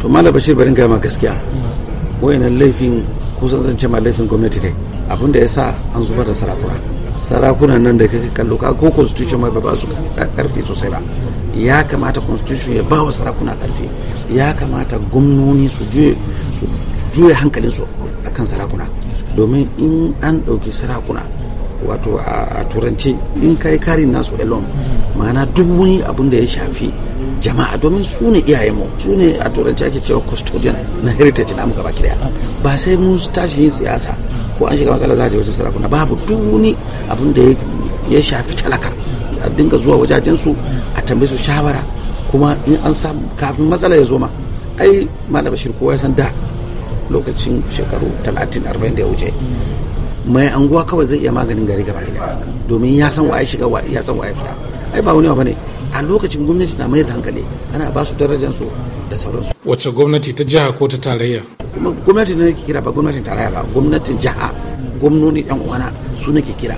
to malam bashir barin gama gaskiya wayannan laifin kusan zance ma laifin gwamnati ne abin da ya sa an zubar da sarakuna sarakuna nan da kake kallo ka ko constitution mai ba ba su karfi sosai ba ya kamata constitution ya ba wa sarakuna karfi ya kamata gwamnoni su juye hankalinsu akan sarakuna domin in an ɗauki sarakuna wato a turanci in kai karin nasu alone ma'ana duk wani abun da ya shafi jama'a domin su ne iyayenmu su ne a turanci ake cewa custodian na heritage na muka baki ba sai mun tashi yin siyasa ko an shiga matsala za a je wajen sarakuna babu duk wani abun da ya shafi talaka a dinga zuwa wajajen su a tambaye su shawara kuma in an samu kafin matsala ya zo ma ai malam bashir kowa ya san da lokacin shekaru 30 40 da ya wuce mai anguwa kawai zai iya maganin gari gaba da domin ya san wa'ai shiga ya san wa'ai fita ai ba wani ba ne a lokacin gwamnati na mai da hankali ana ba su darajar su da sauransu wacce gwamnati ta jiha ko ta tarayya gwamnati ne nake kira ba gwamnatin tarayya ba gwamnatin jiha gwamnoni yan uwana su nake kira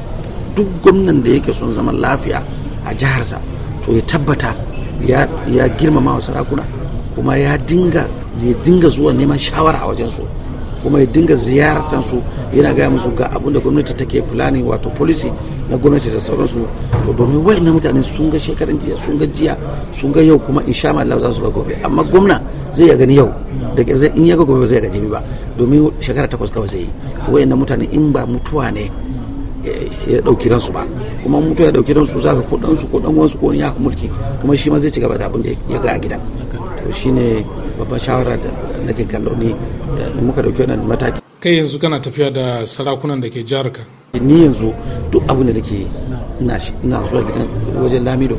duk gwamnan da yake son zaman lafiya a jihar sa to ya tabbata ya girmama wa sarakuna kuma ya dinga ya dinga zuwa neman shawara a wajen su kuma ya dinga ziyartar su yana gaya musu ga abinda gwamnati take planning wato policy na gwamnati da sauransu to domin na mutane sun ga shekaran jiya sun ga jiya sun ga yau kuma insha Allah za su ga gobe amma gwamna zai ya gani yau da in ya ga gobe zai ga jibi ba domin shekara takwas kawai zai yi na mutane in ba mutuwa ne ya dauki ransu ba kuma mutuwa ya dauki ransu za ka ko su ko dan wansu ko ya mulki kuma shi ma zai ci gaba da abin da ya ga a gidan to shine babban shawara da nake kallo ne eh, muka dauki wannan mataki kai yanzu kana tafiya da sarakunan da ke jihar ka ni yanzu duk abin da nake ina zuwa gidan wajen lamido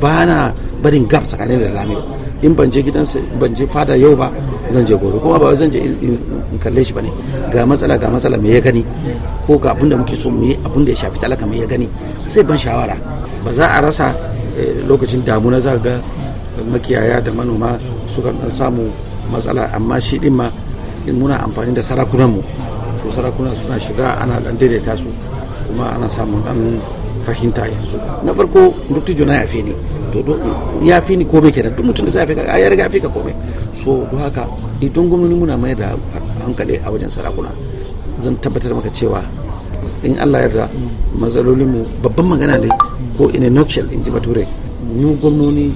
ba na barin gab tsakanin da lamido in ban je gidansa ban je fada yau ba zan je gobe kuma ba zan je in kalle shi bane ga matsala ga matsala me ya gani ko ga abin da muke so mu yi abin da ya shafi talaka me ya gani sai ban shawara ba za a rasa eh, lokacin damuna za ga makiyaya da manoma sukan dan samu matsala amma shi din ma in muna amfani da sarakunan mu to sarakuna suna shiga ana dan daidaita su kuma ana samun dan fahimta yanzu na farko duk ya fi ni to ya fi ni komai kenan duk mutum da zai ka ya riga fi ka komai so don haka idan gwamnati muna mayar da hankali a wajen sarakuna zan tabbatar maka cewa in Allah yarda matsalolinmu babban magana ne ko in a nutshell in ji bature mu gwamnoni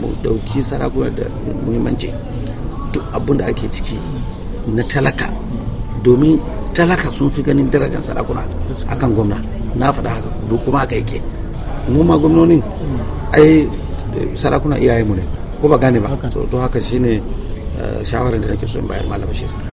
mu ɗauki sarakuna da muhimmanci duk abin da ake ciki na talaka domin talaka sun fi ganin darajar sarakuna akan gwamna na faɗa haka duk kuma haka yake mu ma gwamnonin ai sarakuna iyayenmu ne ko ba gane ba to haka shine eh, shawarar da nake so in bayar malam shi